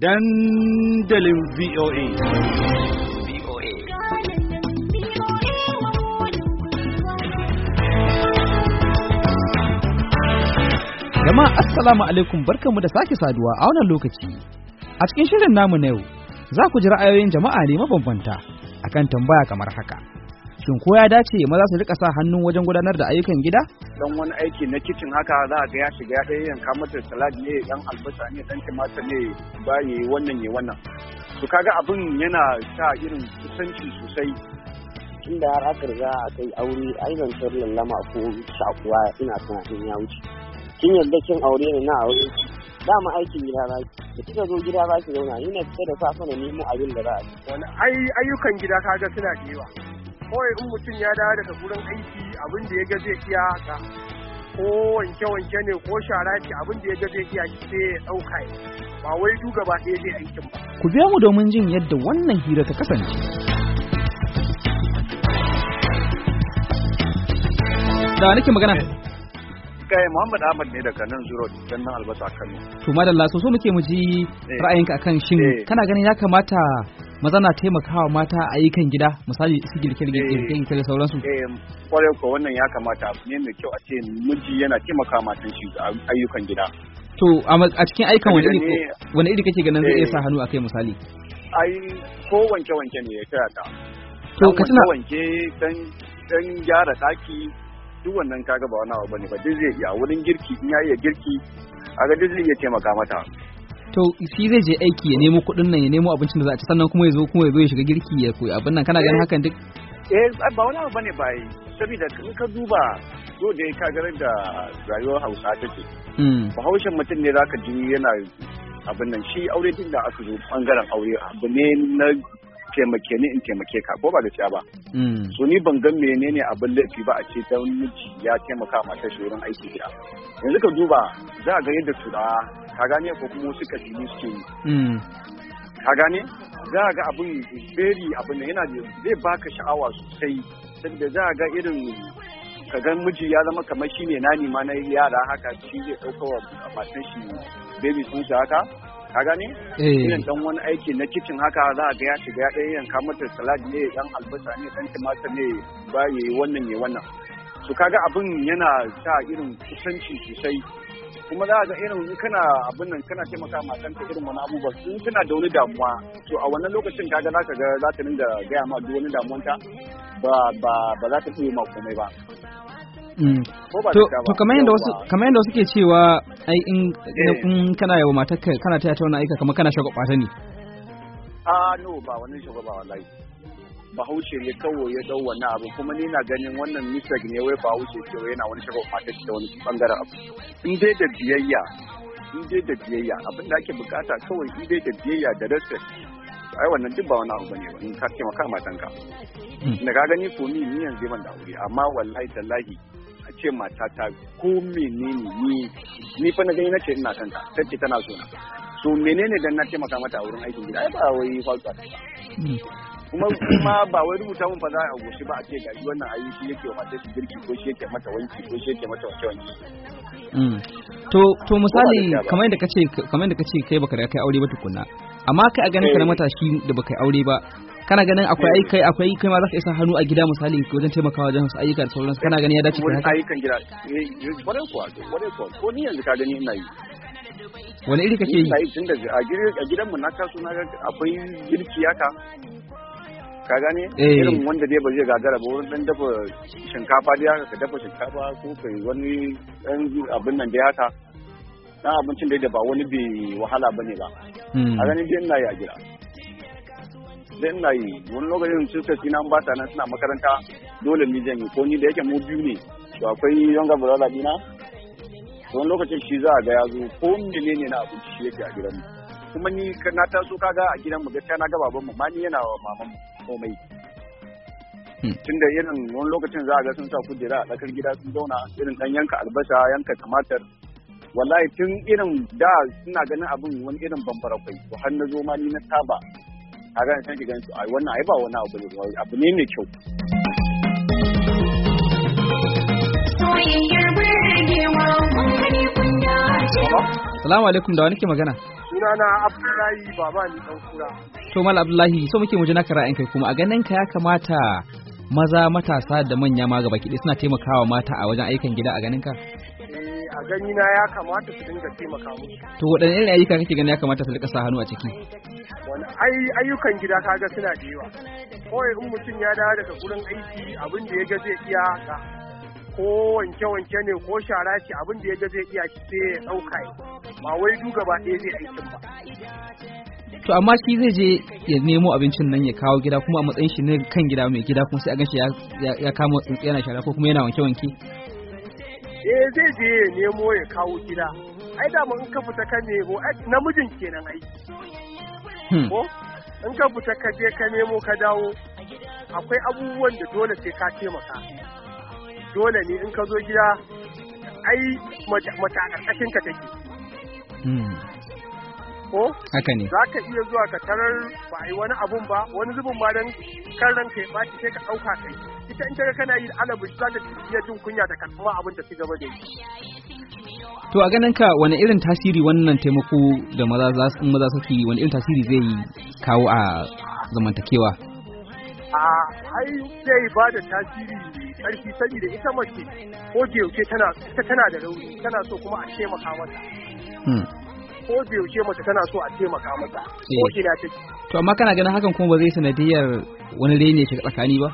dandalin VOA. VOA. Jama'a Assalamu alaikum barkanmu da sake saduwa a wannan lokaci. A cikin shirin namu na yau, za ku ji ra'ayoyin jama'a ne mabambanta akan tambaya kamar haka. shin ko ya dace maza su rika sa hannu wajen gudanar da ayyukan gida dan wani aiki na kicin haka za a ga ya shiga ya ɗaya yanka mata salad ne dan albasa ne dan tumatir ne ba ne wannan ne wannan to kaga abin yana sa irin kusanci sosai Inda har aka riga a kai aure ai ban san lallama ko shakuwa ina tunanin ya wuce kin yarda kin aure ne na aure dama aikin gida ba da kika zo gida ba ki zauna ina fita da safa na nemo abin da za a ci wani ayyukan gida kaga suna da yawa kawai in mutum ya dawo daga gurin aiki abin da ya ga zai iya haka ko wanke-wanke ne ko shara ce abin da ya ga zai iya sai ya ɗauka ba wai du gaba ɗaya zai aikin ba. Ku biya mu domin jin yadda wannan hira ta kasance. Da nake magana. kai Muhammad Ahmad ne daga nan Zuro dan nan albasa Kano. To madalla so so muke mu ji eh. ra'ayinka akan shin eh. kana ganin ya kamata maza na taimakawa mata a ayyukan gida misali su girke-girke eh. da sauransu. kwarai eh, ko wannan ya kamata abu ne mai kyau a ce miji yana taimakawa matan shi a ayyukan gida. To a cikin aikan wani iri kake ganin zai iya sa eh. hannu a kai misali? Ai ko wanke-wanke ne ya taya ta. To ka tuna wanke dan gyara daki duk wannan kaga ba wani abu bane ba duk zai iya wurin girki in ya iya girki a ga duk zai iya taimaka mata. to shi zai je aiki ya nemo kuɗin nan ya nemo abincin da za a ci sannan kuma ya zo kuma ya zo ya shiga girki ya koyi abin nan kana ganin eh. hakan duk eh ba wani abu bane bai saboda in ka duba so da ka ga da rayuwar hausa take hmm. bahaushen mutum ne zaka ji yana abin nan shi aure din da aka zo bangaren aure abu ne na taimake ni in taimake ka ko ba gaskiya ba hmm. so ni ban ga menene abin laifi ba a ce ta miji ya taimaka mata shi wurin aiki gida yanzu ka duba za a ga yadda da. ka gane ko kuma wasu kabilu suke yi hmm. ka gane za ga abin beri abin da yana zai baka sha'awa sosai saboda za ga irin ka gan miji ya zama kamar shi ne nani ma na yara haka shi zai ɗaukawa wa matan shi baby sun shi haka ka gane eh. irin dan wani aiki na kicin haka za a ga ya shiga ya ɗaya yanka mata salad ne dan albasa ne dan tumatir ne ba yi wannan ne wannan su kaga abin yana sa irin kusanci sosai kuma za ga irin kana abin nan kana taimaka ma ta irin wani abubuwa in kana da wani damuwa to a wannan lokacin ka za ka ga za ta rinda gaya ma duk wani damuwanta ba ba ba za ta iya ma komai mm. ba to kamar yadda wasu kamar yadda wasu ke cewa ai in eh. in kana yawa matar kana taya ta wani aika kamar kana shagwaba ta ne a ah, no ba wani shagwaba wallahi bahaushe ne kawai ya dau wannan abu kuma ni na ganin wannan misag ne wai bahaushe ke yana wani shago fata da wani bangaren abu in dai da biyayya in dai da biyayya abin da ake bukata kawai in dai da biyayya da respect ai wannan duk ba wani abu bane ba in ka taimaka matanka hmm. da ka gani ko ni ni yanzu ban da aure amma wallahi tallahi a ce mata ta ko menene ni ni fa na gani nace ina kanta tace tana so na so menene dan na taimaka mata a wurin aikin gida ai ba wai falsa kuma kuma ba wai rubuta mun fa za a goshi ba a ce ga wannan ayi shi yake wa mace shi girki ko shi yake mata wanki ko shi yake mata wanki wanki mm. to to misali kamar yadda kace kamar yadda kace kai baka da kai aure ba tukunna amma kai a ganin ka na eh. matashi da baka aure ba kana ganin akwai eh. aiki akwai kai ma za ka isa hannu a gida misali wajen taimakawa wajen su ayyuka da sauransu kana ganin ya dace ka ayyukan gida eh, kwarai kuwa kwarai kuwa ko ni yanzu ka gani ina yi wani iri kake yi a gidanmu na kasu na akwai girki haka ka gane eh. irin wanda dai ba zai gagara ba wurin dan dafa shinkafa dai haka ka dafa shinkafa ko kai wani dan abin nan dai haka na abincin da ba wani bi wahala ba ne ba hmm. a gani dai ina yi a gida dai ina yi wani lokacin suka sinan ba ta nan suna makaranta dole ni zan yi ko ni da yake mu biyu ne to akwai yanga brother dina wani lokacin shi za a ga ya zo ko menene na abinci shi yake a mu kuma ni na taso kaga a mu gaskiya na ga mu ma ni yana wa mamanmu komai hmm. tunda irin wani lokacin za a ga sun sa kujera a tsakar gida sun zauna irin dan yanka albasa yanka tumatir wallahi tun irin da suna ganin abin wani irin bambara kwai to har na zo ma ni na saba a ga sai ki ganin su ai wannan ai ba wani abu ne abu ne mai kyau Salamu alaikum da wani ke magana? sunana abdullahi baba ni dan kura to mal abdullahi so muke mu naka ra'ayin kai kuma a ganin ka ya kamata maza matasa da manya ma gaba kiɗi suna taimakawa mata a wajen aikin gida a ganin ka eh, a gani na ya kamata su dinga taimaka mu to waɗanne irin ayyuka kake gani ya kamata su rika sa hannu a ciki wani ayyukan gida kaga suna da yawa kawai in mutum ya dawo daga gurin aiki abin da ya ga zai iya ka, ko wanke-wanke ne ko shara ce abin da ya ga zai iya sai ya ɗauka ba wai du gaba ɗaya zai aikin ba to amma shi zai je ya nemo abincin nan ya kawo gida kuma a matsayin shi ne kan gida mai gida kuma sai a ganshi ya kama tsuntsu yana shara ko kuma yana wanke wanke eh zai je ya nemo ya kawo gida ai da mu in ka fita ka nemo namijin kenan ai hmm. ko in ka fita ka je ka nemo ka dawo akwai abubuwan da dole sai ka taimaka dole ne in ka zo gida ai mata a ƙarƙashin ka take Hmm. ko haka ne za ka iya zuwa ka tarar ba a yi wani abun ba wani zubin ba don kan ranka ya baki sai ka ɗauka kai ita in kaga kana yi alabu za ta iya jin kunya da karɓuwa abin da ci gaba da yi to a ganin ka wani irin tasiri wannan taimako da maza za su maza suke wani irin tasiri zai kawo a zamantakewa a ai zai ba da tasiri ƙarfi saboda ita mace ko da tana tana da rauni tana so kuma a taimaka mata Hmm. ko biyaushe mace tana so a taimaka mata ko eh. ina take to amma kana ganin hakan kuma ba zai sanadiyar wani rene ke tsakani ba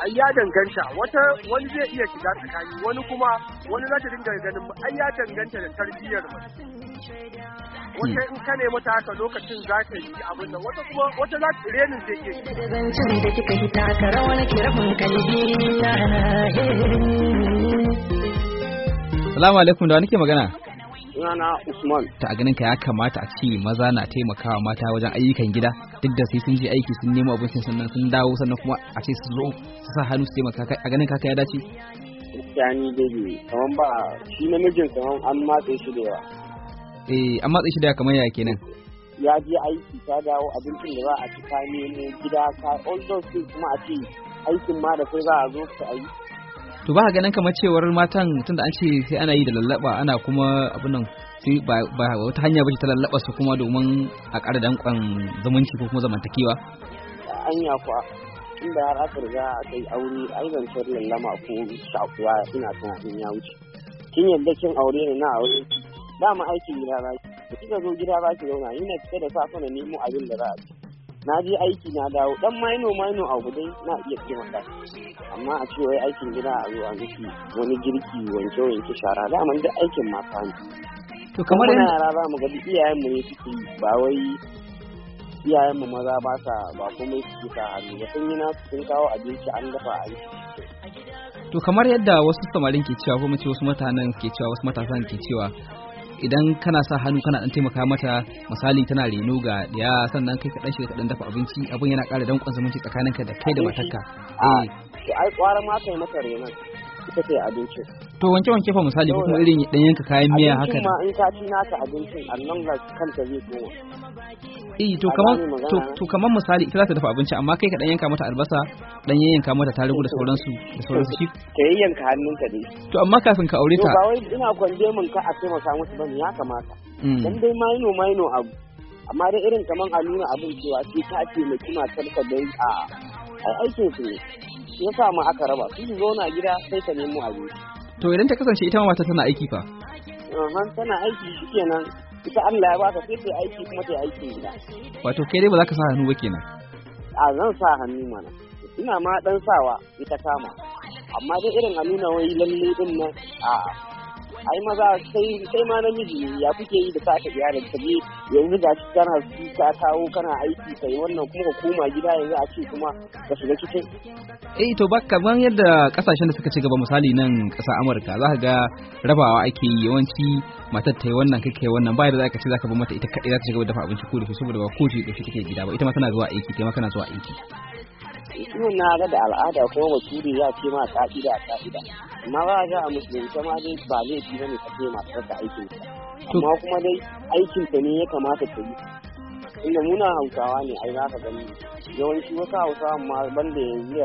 ai ya danganta wata wani zai iya shiga tsakani wani kuma wani za ta dinga ganin ai ya danganta da tarbiyyar mace wata hmm. in ka nemi ta haka lokacin za ka yi abin nan wata kuma wata za ta renin zai ke zancen da kika hita ka rawar kirafin kalbi eh. Salamu alaikum da wani ke magana? sunana Usman. Ta a ganin ka ya kamata a ce maza na taimakawa mata wajen ayyukan gida duk da sai sun je aiki sun nemo abincin sannan sun dawo sannan kuma a ce su zo su sa hannu su taimaka a ganin ka ya dace. Gaskiya dai kaman ba shi namijin kaman an matse shi da yawa. Eh an matse shi da kaman ya kenan. Ya je aiki ta dawo abincin da za a ci ka nemo gida ka all those things kuma a ce aikin ma da sai za a zo su ayi. to ba ganin kamar cewar matan tunda an ce sai ana yi da lallaba ana kuma abin nan sai ba wata hanya ba ta lallaba su kuma domin a ƙara danƙon zumunci ko kuma zamantakewa hanya kuwa inda har aka riga a kai aure ai zancen lallama ko shakuwa ina in ya wuce kin yadda kin aure ne na aure dama aikin gida ba ki kika zo gida ba ki zauna ina fita da safa na nemo abin da za a ci na je aiki na dawo dan maino maino abu dai na iya kiran wanda amma a ce wai aikin gida a zo a miki wani girki wanke wanke shara da man duk aikin mata ne to kamar yana yara za mu ga duk iyayen mu ne suke ba wai iyayen mu maza ba sa ba komai suke sa hannu ba sun yi na sun kawo abinci an dafa a to kamar yadda wasu samarin ke cewa ko mace wasu mutanen ke cewa wasu matasan ke cewa idan kana sa hannu kana dan taimaka mata misali tana reno ga ɗaya sannan kai kaɗan dan shiga kaɗan dafa abinci abin yana ƙara danƙon zumunci tsakaninka da kai da matarka. a ah, ai kwara ma kai mata renon ita ce abincin to wanke wanke fa misali ko kuma irin dan yanka kayan miya haka ma in ka ci naka abincin annan ga kanta zai koma eh to kamar to to kamar misali ita za ta dafa abinci amma kai ka dan yanka mata albasa dan yanka mata tarugu da sauransu da sauransu shi ka yanka hannunka dai to amma kafin ka aure ta ba wai ina kwanje mun ka a taimaka musu bane ya kamata mm. dan dai maino maino abu amma dai irin kaman a nuna abin cewa sai ta taimaki talka dai a aikin su ne ya sa ma aka raba su zauna gida sai ka nemo abinci To idan ta kasance ita ma tana aiki fa? tana aiki kenan. Ita Allah ya ba ta sai aiki kuma ta aiki gida. Wato kai dai ba za ka sa hannu ba kenan. A zan sa hannu mana. Ina ma dan sawa ita kama. Amma dai irin a nuna wai lalle din nan a ai maza sai sai ma namiji ya kuke yi da sake iyalin ka je yanzu ga shi kana su ka kawo kana aiki kai wannan kuma ka koma gida yanzu a ce kuma ka shiga cikin eh to ba kaman yadda kasashen da suka ci gaba misali nan ƙasar Amurka za ka ga rabawa ake yi yawanci matar ta yi wannan kake wannan ba da za ka ce za ka bar mata ita kadai za ta shiga dafa abinci ko da saboda ba ko shi take gida ba ita ma tana zuwa aiki kai ma kana zuwa aiki Islam na ga da al'ada kuma bature ya ce ma ka'ida ka'ida. Amma ba ga a musulunci ma dai ba laifi bane ka ce ma ka aikin ka. Amma kuma dai aikin ka ne ya kamata ka yi. Inda muna Hausawa ne ai za ka gani. Yawanci wasu Hausawa ma banda yanzu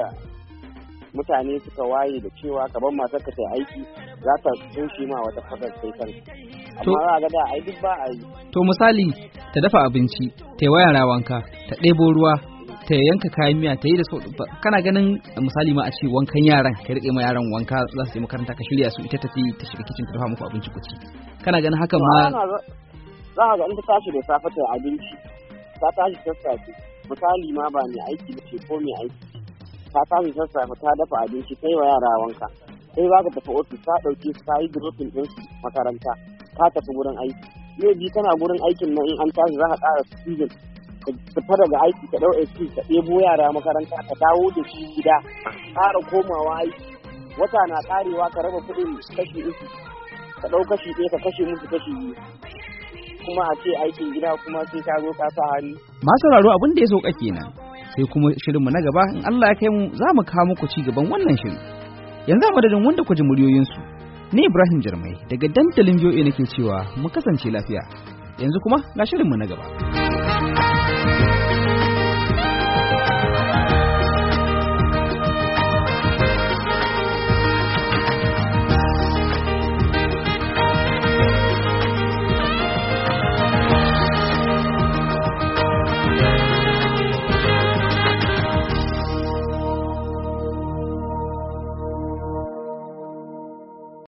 mutane suka waye da cewa ka bar matar ka aiki za ta tushe ma wata fadar sai kan amma za ga da ai duk ba a yi to misali ta dafa abinci ta yi wayan rawanka wanka ta ɗebo ruwa ta yanka kayan miya ta yi da kana ganin misali ma a ce wankan yaran ka rike ma yaran wanka za su je makaranta ka shirya su ita tafi ta shiga kicin ta dafa muku abinci ku ci kana ganin hakan ma za ka ga in ta tashi da safe ta abinci ta tashi sassafe misali ma ba mai aiki ba ce ko mai aiki ta tashi sassafe ta dafa abinci ta yi wa yara wanka sai za ka tafi ofis ta ɗauke su ta yi dropping ɗin makaranta ta tafi gurin aiki yau bi kana gurin aikin nan in an tashi za ka ƙara su ka fita daga aiki ka ɗau aiki ka ɗebo yara makaranta ka dawo da shi gida ƙara komawa aiki wata na ƙarewa ka raba kuɗin kashi uku ka ɗau kashi ɗaya ka kashe musu kashi biyu kuma a ce aikin gida kuma sai ka zo ka sa hannu. masu sauraro abin da ya sauka kenan sai kuma shirinmu na gaba in Allah ya kai mu za mu kawo muku ci gaban wannan shirin yanzu a madadin wanda ku ji muryoyinsu ni Ibrahim Jarmai daga dandalin VOA nake cewa mu kasance lafiya yanzu kuma ga shirinmu na gaba.